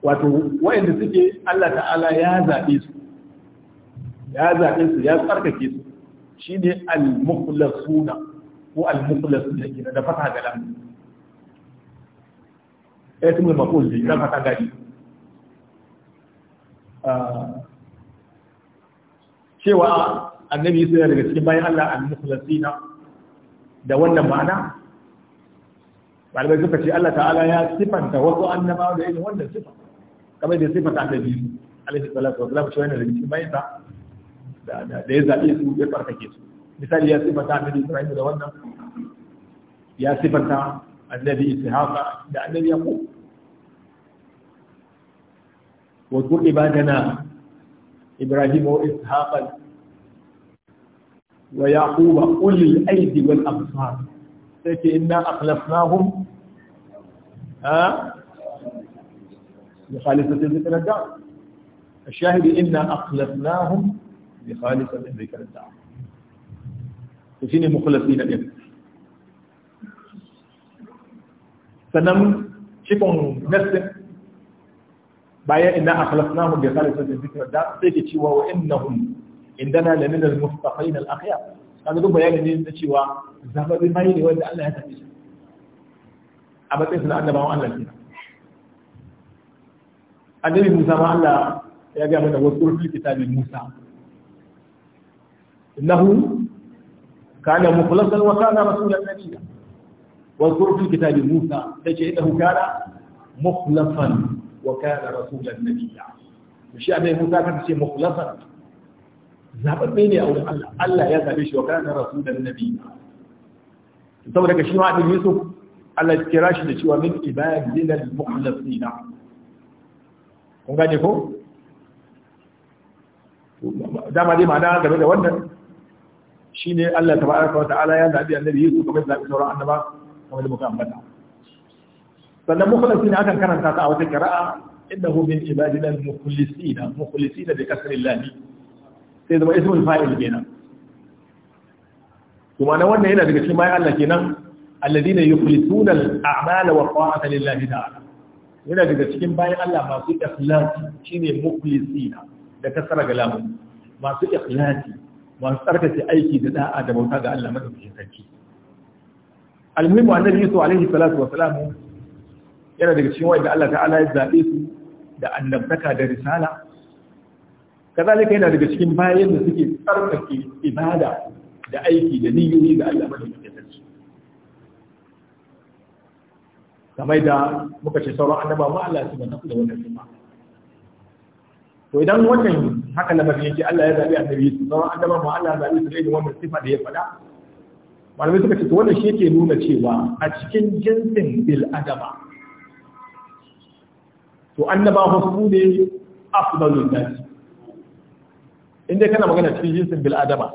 wato wa'anda suke Allah ta'ala ya zaɓe su ya zaɓe su ya tsarkake su shi ne al-mukhlasuna ko al-mukhlasuna kenan da fata ga lamun ɗaya tun da makon da ya fata gari ah, cewa annabi suna daga cikin bayan Allah al-mukhlasina da wannan ma'ana malamai suka ce Allah ta'ala ya sifanta wasu annabawa da irin wannan sifa kamar da sifanta annabi alaihi salatu wasallam cewa yana daga cikin bayan sa da da ya zaɓe su ya farkake su misali ya sifanta annabi Ibrahim da wannan ya sifanta annabi Ishaq da annabi Yaqub wa kulli ibadana إبراهيم وإسحاق ويعقوب أولي الأيدي والأبصار سيكي إنا أخلفناهم ها بخالصة ذكر الدعوة الشاهد إنا أخلفناهم بخالصة ذكر الدعوة فشيني مخلصين اليوم فنم شكون نفسك bayan inna akhlasnahum bi khalisati dhikra da sai ke cewa wa innahum indana lamina al-mustaqin al-akhyar kaga duk bayani ne na cewa zababi mai ne wanda Allah ya tafi shi a matsayin na annabawan Allah kenan annabi Musa ma Allah ya ga mana wasu fil kitabi Musa innahu kana mukhlasan wa kana rasulan nabiyya wa zkur fil kitabi Musa sai ce innahu kana mukhlasan وكان رسول النبي يعني مش يعني موسى بس مخلصا زابت مني أو الله يا زابيش وكان رسول النبي يعني طب لك شنو عدل يوسف على الكراش اللي شوى من إبادنا المخلصين هم قاعد يفهم دام دي معناها كبيرة وانا شيني الله تبارك وتعالى يا نبي النبي يوسف كمثل أكثر عنا ما هو المكان بدأ sannan mukhlisin akan karanta ta a wata qira'a innahu min ibadina al-mukhlisin mukhlisin bi kasri llahi sai zama ismul fa'il kenan kuma na wannan yana daga cikin bayan Allah kenan alladina yukhlisuna al-a'mal wa qa'ata lillahi ta'ala yana daga cikin bayan Allah masu ikhlasi shine mukhlisina da kasara ga lamun masu ikhlasi masu tsarkace aiki da da'a da bauta ga Allah madaukakin sarki al-muhimmu annabi Yusuf alaihi salatu wa salam yana daga cikin wanda Allah ta'ala ya zabe su da annabtaka da risala kazalika yana daga cikin bayan da suke tsarkake ibada da aiki da niyyoyi da Allah madaukakin sarki kamar da muka ce sauran annaba ma Allah su bana da wannan sima to idan wannan haka lamarin yake Allah ya a annabi su sauran annaba ma Allah ya zabi su da wannan sifa da ya faɗa malamai suka ce to wannan shi yake nuna cewa a cikin jinsin bil adama to annabawa su ne afdalun nas inda kana magana cikin jinsin bil adama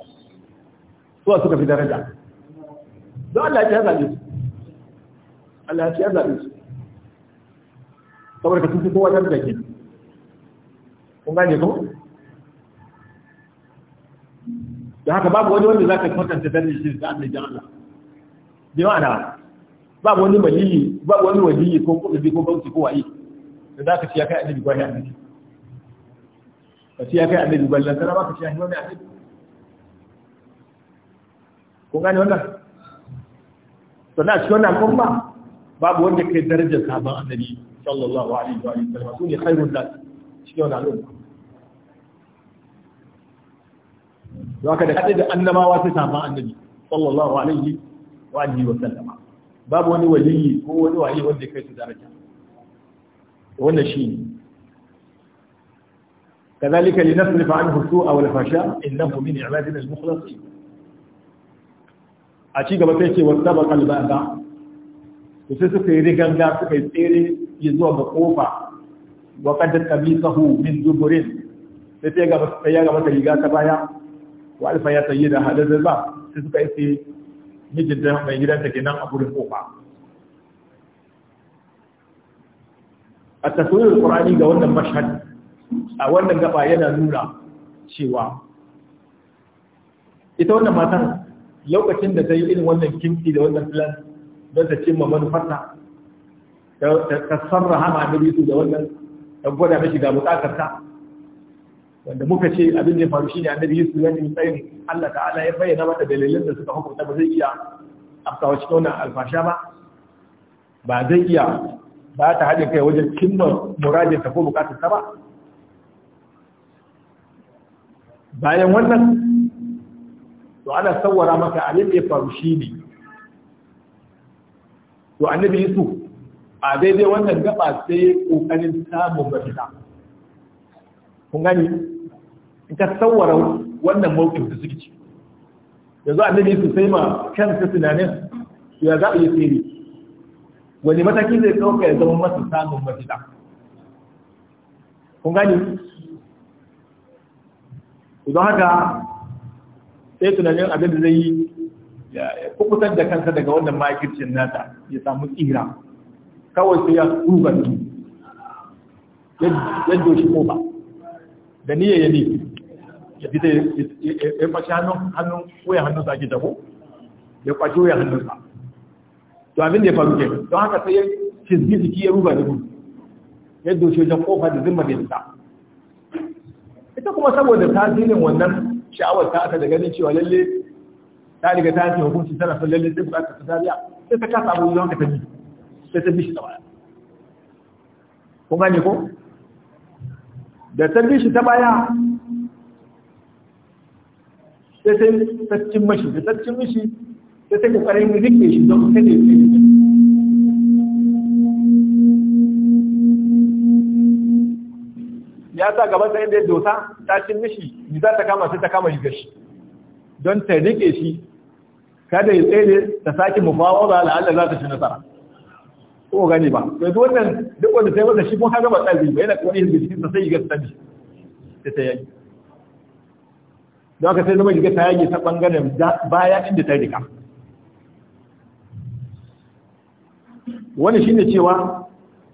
su suka fi daraja don Allah ya zabe su Allah ya zabe su saboda ka tuntu kowa daraja ke kun gane ko da haka babu wani wanda zaka kwatanta darajar shi da Allah ya Allah bi ma'ana babu wani waliyi babu wani waliyi ko kudi ko bauti ko wa'i da za ka ci ya kai annabi gwani annabi ka ci ya kai annabi ballan sana ba ka ci ya kai annabi kun gane wannan sannan a cikin wannan al'umma babu wanda kai darajar sabon annabi sallallahu alaihi wa sallam su ne khairun nas cikin wannan al'umma don haka da kaɗai da annabawa sai sabon annabi sallallahu alaihi wa alihi wa sallama babu wani waliyi ko wani waye wanda kai su daraja wannan shi ne كذلك لنصرف عنه السوء والفحشاء انه من عبادنا المخلصين a ci gaba sai ce wata bakal ba ba to sai suka yi riganga suka yi tsere ya zuwa ga kofa wa kadda min zuburin sai ya ga masa riga ta baya wa alfa ya sayyida ba sai suka yi mijinta mai gidanta kenan a gurin ƙofa. a taswirar ƙur'ani ga wannan mashhad a wannan gaba yana nuna cewa ita wannan matan lokacin da ta yi irin wannan kimki da wannan filan don ta cimma manufarta ta sarra hama a su da wannan ta gwada mashi ga bukatarta wanda muka ce abin da ya faru a annabi Yusuf ya nemi tsayin Allah ta'ala ya bayyana mata dalilan da suka hukunta ba zai iya afkawa cikin wannan alfasha ba ba zai iya ba ta haɗe kai wajen cimma muradin ta ko bukatar ta ba bayan wannan to ana sawara maka alim da ya faru shi ne to annabi yusuf a daidai wannan gaba sai kokarin samun mafita kun gani in ka sawara wannan mawukin da suke ci yanzu annabi su sai ma ta tunanin ya za a yi tsere wani mataki zai kawai ya zama masu samun mafita kun gani don haka sai tunanin abin da zai yi ya kukutar da kansa daga wannan makircin nata ya samu tsira kawai sai ya ruga su yadda shi ko ba da niyya ya ne ya fita ya fashi hannun hannun sa ke ake tafo ya kwaci hannun sa. to abin da ya faru ke don haka sai ya fizgi jiki ya ruba da gudu ya doce wajen kofa da zimma da sa. ita kuma saboda tasirin wannan sha'awar ta aka da ganin cewa lalle ta riga ta yanke hukunci tana son lalle sai buƙatar ta tariya sai ta kasa abubuwan haka ta bi sai ta bi shi ta baya kun gane ko da ta bi shi ta baya sai sai ta cin mashi da ta cin mashi sai take tsarin rike shi don kada ya tsaye ya sa gaban sa inda ya dosa ta cin mishi ni za ta kama sai ta kama rigar shi don ta rike shi kada ya tsaye ta sake mufawara la'alla za ta ci nasara ko gani ba to duk wannan duk wanda sai masa shi kun ka ba tsari ba yana wani hizbi cikin sa sai yiga tsabi sai ta yaki don haka sai zama yiga ta yage ta bangaren baya inda ta rika wani shine cewa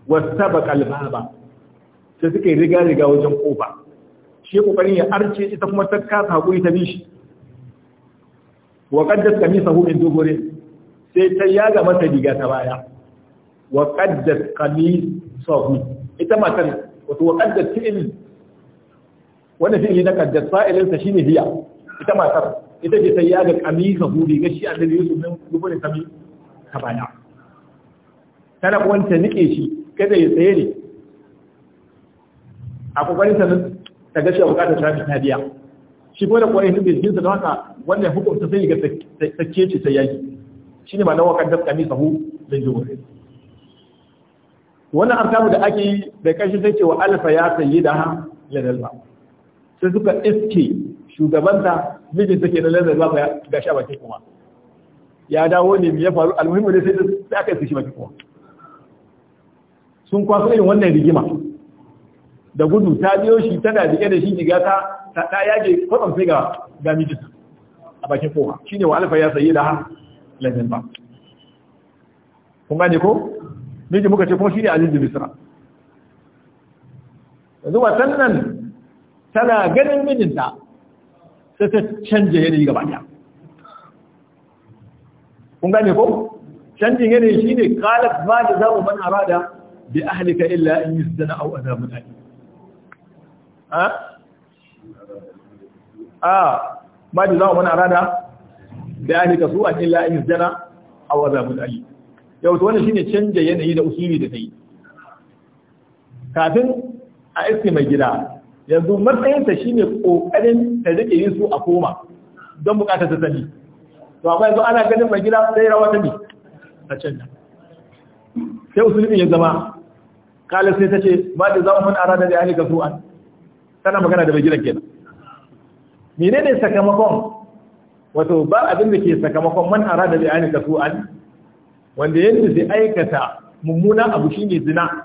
wasaba kalbaba sai suka yi riga riga wajen kofa shi kokarin ya arce ita kuma ta kasa hakuri ta bishi wa qaddas hu min dubure sai ta yaga masa riga ta baya wa qaddas hu ita matar wato wa qaddas fi'il wannan fi'ili na qaddas fa'ilin sa shine hiya ita matar ita ce ta yaga hu riga shi annabi Yusuf min dubure ta baya Kana uwan nike shi kada ya tsaye ne a kokarin sanin ta ga shi bukatar shafi na biya shi ko da kwarai sun bai jinsa ta haka wannan hukunta sai ga sake ce sai yaki shi ne ma na wakar dafka mai sahu da jihohi wannan samu da ake yi da kashi sai cewa alfa ya sayi da ha lalaba. sai suka iske shugabanta mijin take na lalaba ya gashi a bakin kuma ya dawo ne ya faru alhimmi ne sai aka su shi bakin kuma sun kwaso irin wannan rigima da gudu ta biyo shi tana rike da shi jiga ta ta yage kwatsam sai ga gami mijinta a bakin kowa shine wa alfa ya sayi da lazin ba kun gane ko miji muka ce kuma shi ne azizu misra yanzu watan tana ganin mijinta sai ta canje yanayi gaba ɗaya kun gane ko canjin yanayi shine qalat ma da zamu mana arada bi ahlika illa an yuzdana aw azabun alim ha ah ma da zawo mana rada bi ahlika an illa an yuzdana aw azabun alim yau to wannan shine canje yanayi da usuli da kai kafin a iske mai gida yanzu ta shine kokarin ta rike yin su a koma don bukatar ta sani to akwai yanzu ana ganin mai gida sai rawa ta ne ta canja sai usulubin ya zama kala sai ta ce ba da za'u mun arada da ahlika an tana magana da bai gidan kenan menene sakamakon wato ba abin da ke sakamakon man arada da ahlika su'an wanda yanda zai aikata mummuna abu shine zina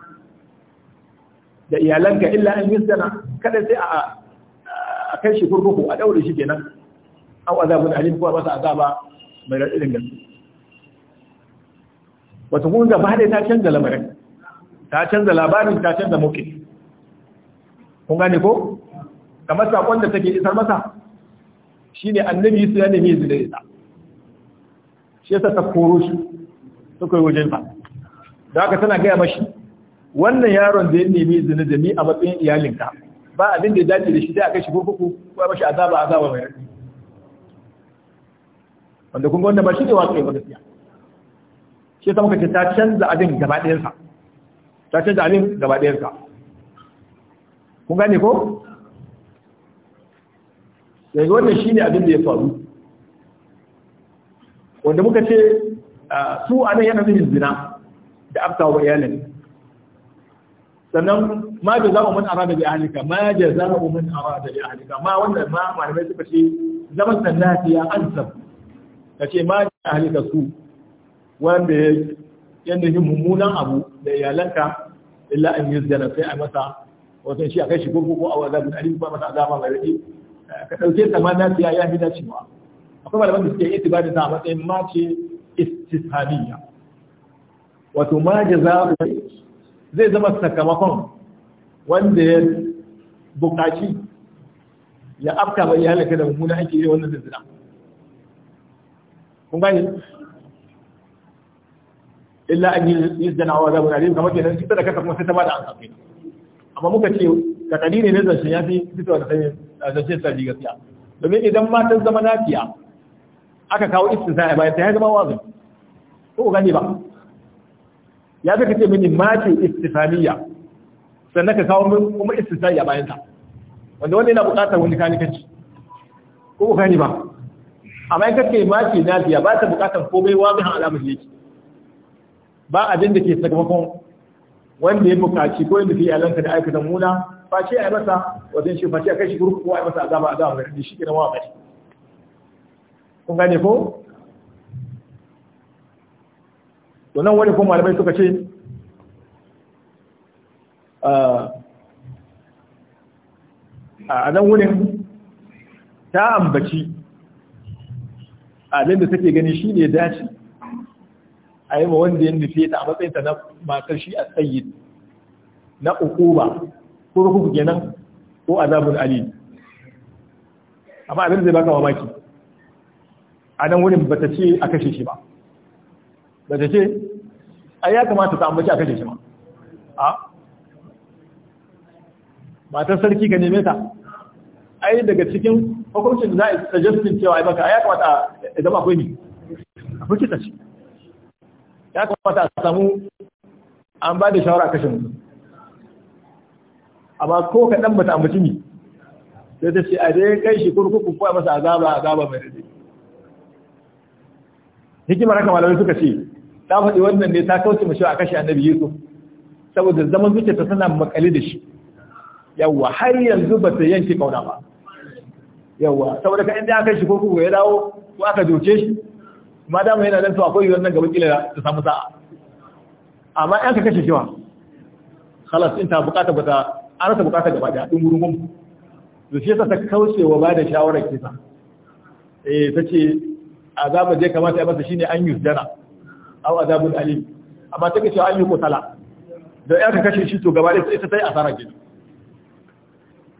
da iyalanka illa an yusana kada sai a a kai shi kurkuku a daure shi kenan au azabun alim ko sa azaba mai radadin gaske wata kuma gaba da ta canza lamarin ta canza labarin ta canza muke kun gane ko kamar sakon da take isar masa shine annabi su ya nemi zai da isa shi ya ta koro shi suka yi wajen ba da haka tana gaya mashi wannan yaron da ya nemi zina da ni a matsayin iyalinka ba abin da ya dace da shi sai a kai shi kurkuku ko mashi azaba azaba mai rafi wanda kun ga wanda ba shi ne waƙe ba gaskiya shi ta muka ce ta canza abin gaba ɗayansa ta canza abin gaba ɗayansa kun gane ko yanzu wannan shi ne abin da ya faru wanda muka ce su a nan yana nufin zina da aftawa iyalin sannan ma da zama mun arada bi ahalika ma da zama mun arada bi ahalika ma wannan ma malamai suka ce zaman ya an sab ce ma da ahalika su wanda ya yanda yin mummunan abu da iyalanka illa an yi zana sai a masa wato shi a kai shi gurgugu a wazabin alim ba masa zama mai rage ka ɗauke na siya ya fi dacewa akwai malaman da suke itibari ta a matsayin mace istisaniya wato ma jaza zai zama sakamakon wanda ya bukaci ya afka mai ya halaka da mummunan ake yi wannan zina kun gani illa an yuzdana wa azabun alim kamar ke nan da kasa kuma sai ta bada an sabbi amma muka ce ka kadiri ne zance ya fi fitowa da sai sai sarji gaskiya domin idan ma ta zama nafiya aka kawo istisna bayan ta ya zama wazin ko gani ba ya zaka ce mini mace istifaniya sannan ka kawo min kuma istisaiya bayan ta wanda wanda yana buƙatar wani kani kanci ko ku gani ba amma in kace mace nafiya ba ta buƙatar komai wa min alamar yake ba abin da ke sakamakon wanda ya bukaci ko yadda ke yalanka da aikatan muna ce a yi masa wajen shi ce a kai shi gurku ko a yi masa zama a zama da shi ke nawa bari kun gane ko to nan wani ko malamai suka ce a nan wurin ta ambaci abin da take gani shi ne dace a yi ma wanda ya nufe ta a matsayinta na matar shi a tsayi na ukuba kurkuku kenan ko azabun ali amma abin zai baka mamaki a nan wurin ta ce a kashe shi ba Ba ta ce ai ya kamata ta ambaci a kashe shi ba a matar sarki ka neme ta ai daga cikin hukuncin da za a suggestin cewa ai baka ai ya kamata idan akwai ni akwai ta ce ya kamata a samu an ba da shawara kashe mutum amma ko kaɗan ba ta ambaci ne sai ta ce a dai kai shi kurkuku ko masa azaba azaba mai dade hikimar haka malamai suka ce ta faɗi wannan ne ta kauce mashi a kashe annabi yusuf saboda zaman ta tana makale da shi Yawwa har yanzu ba ta yanke kauna ba yawwa saboda ka inda aka shi kurkuku ya dawo ko aka doke shi ma dama yana nan to akwai yiwuwar nan gaba kila ta samu sa'a amma yan ka kashe cewa halas in ta bukata bata an rasa bukata gaba da wurin gurgun to shi yasa ta wa ba da shawarar kisa eh tace azaba je kamata ya masa shine an yusdana aw azabul alim amma ta kace an yi kotala da ya ka kashe shi to gaba da ita sai asara gidi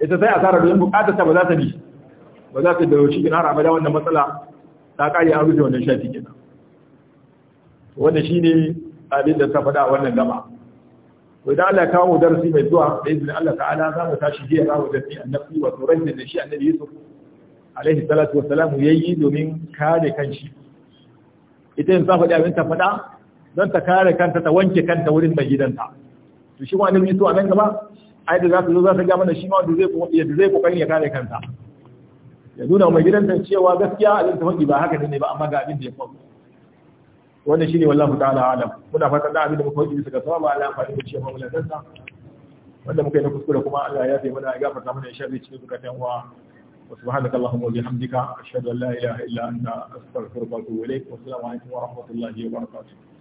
ita sai asara don buƙatar ta ba za ta bi ba za ta da shi gina har da wannan matsala ta kare an rufe wannan shafi kenan wanda shi ne abin da ta faɗa a wannan gaba to idan Allah ya kawo darasi mai zuwa da izinin Allah ta'ala za mu tashi jiya za mu tafi annabi wa turai da shi annabi Yusuf alaihi salatu wassalam yayi domin kare kanshi ita in ta faɗi abin ta faɗa don ta kare kanta ta wanke kanta wurin mai gidanta to shi ma annabi Yusuf a nan gaba ai da za ta zo za ta ga mana shi ma da zai da zai kokarin ya kare kanta ya nuna mai gidan nan cewa gaskiya a zanta faɗi ba haka ne ba amma ga abin da ya faɗi wannan shine wallahi ta'ala alam muna fatan da abin da muka faɗi bisa ga a Allah amfani da cewa mu ladansa wanda muka yi na kuskure kuma Allah ya yi mana ya gafarta mana ya shafe cikin zukatan wa وسبحانك اللهم وبحمدك أشهد أن لا إله إلا أنت أستغفرك وأتوب إليك والسلام عليكم ورحمة الله وبركاته